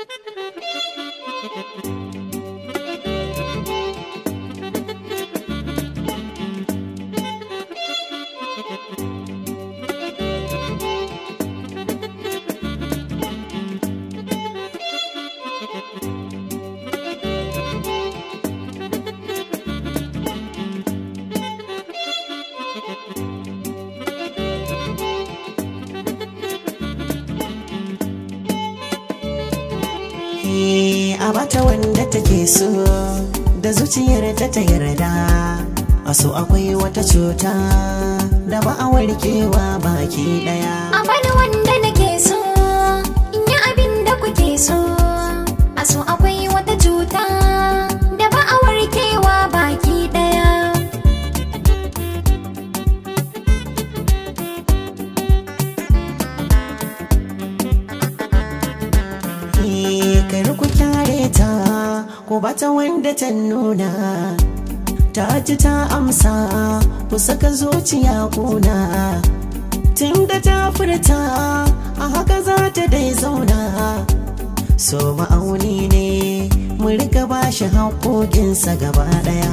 Thank you. a bata wanda take so da zuciyar ta ta yarda a so akwai wata cuta da ba a warkewa baki daya a bani wanda nake so in yi abin da kuke so yarku ku kyare ta ku bata wanda ta nuna ta ji ta amsa ku saka zuciya kuna tun da ta furta a haka za ta dai zauna so ma'auni ne mu rika ba shi haƙoƙinsa gaba ɗaya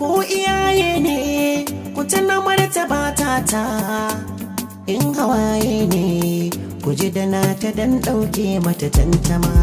ko iyaye ne ku tana martaba ta in hawaye ne ku ji da nata ta dan ɗauke mata tantama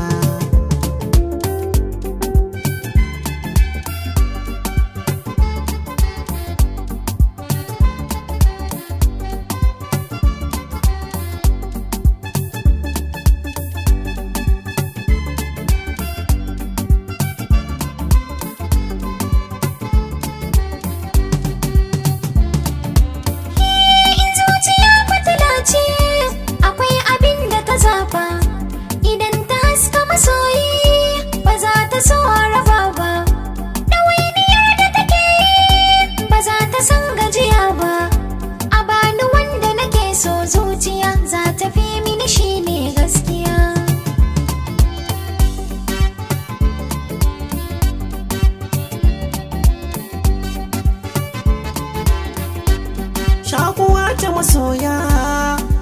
masoya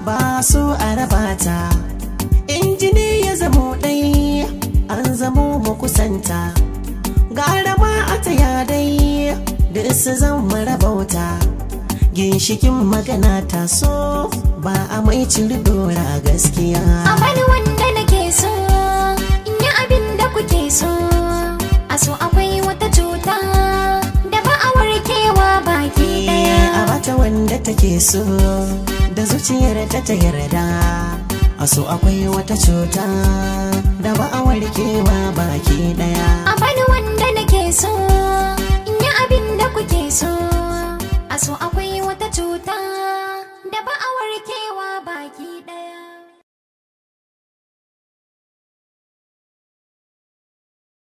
ba so a raba ta injini ya zamo ɗai an zamo mu kusanta gara ma a taya dai duk su zan marabauta ginshikin magana ta so ba a mai ciri dora gaskiya a bani wanda nake so in yi abin kuke so a so akwai ta wanda take so da zuciyar ta ta yarda a so akwai wata cuta da ba a warkewa baki daya